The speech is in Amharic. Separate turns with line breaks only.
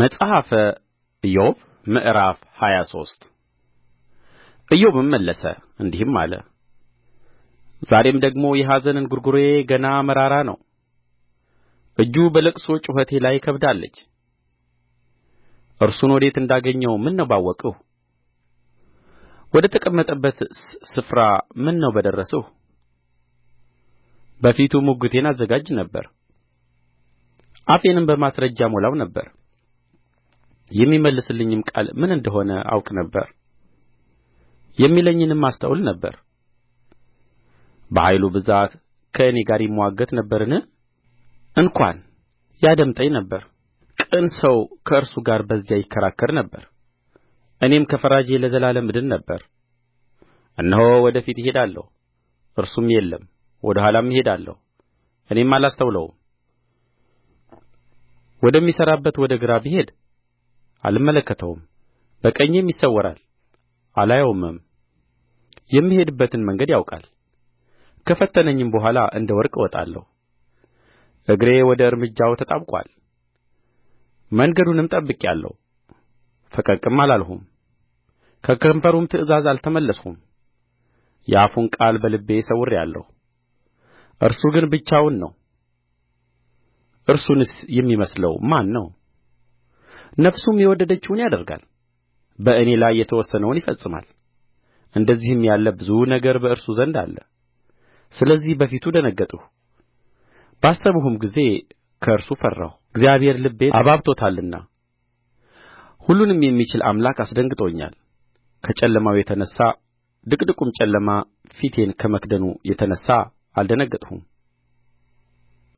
መጽሐፈ ኢዮብ ምዕራፍ ሃያ ሶስት ኢዮብም መለሰ እንዲህም አለ ዛሬም ደግሞ የኀዘን እንጉርጉሮዬ ገና መራራ ነው እጁ በልቅሶ ጩኸቴ ላይ ከብዳለች እርሱን ወዴት እንዳገኘው ምነው ባወቅሁ ወደ ተቀመጠበት ስፍራ ምነው በደረስሁ በፊቱ ሙግቴን አዘጋጅ ነበር አፌንም በማስረጃ እሞላው ነበር የሚመልስልኝም ቃል ምን እንደ ሆነ አውቅ ነበር የሚለኝንም አስተውል ነበር በኃይሉ ብዛት ከእኔ ጋር ይምዋገት ነበርን እንኳን ያደምጠኝ ነበር ቅን ሰው ከእርሱ ጋር በዚያ ይከራከር ነበር እኔም ከፈራጄ ለዘላለም እድን ነበር እነሆ ወደ ፊት እሄዳለሁ እርሱም የለም ወደ ኋላም እሄዳለሁ እኔም አላስተውለውም ወደሚሠራበት ወደ ግራ ብሄድ አልመለከተውም በቀኜም ይሰወራል አላየውምም የምሄድበትን መንገድ ያውቃል ከፈተነኝም በኋላ እንደ ወርቅ እወጣለሁ እግሬ ወደ እርምጃው ተጣብቆአል መንገዱንም ጠብቄአለሁ ፈቀቅም አላልሁም ከከንፈሩም ትእዛዝ አልተመለስሁም የአፉን ቃል በልቤ ሰውሬአለሁ እርሱ ግን ብቻውን ነው እርሱንስ የሚመስለው ማን ነው ነፍሱም የወደደችውን ያደርጋል በእኔ ላይ የተወሰነውን ይፈጽማል እንደዚህም ያለ ብዙ ነገር በእርሱ ዘንድ አለ ስለዚህ በፊቱ ደነገጥሁ ባሰብሁም ጊዜ ከእርሱ ፈራሁ እግዚአብሔር ልቤን አባብቶታልና ሁሉንም የሚችል አምላክ አስደንግጦኛል ከጨለማው የተነሣ ድቅድቁም ጨለማ ፊቴን ከመክደኑ የተነሣ አልደነገጥሁም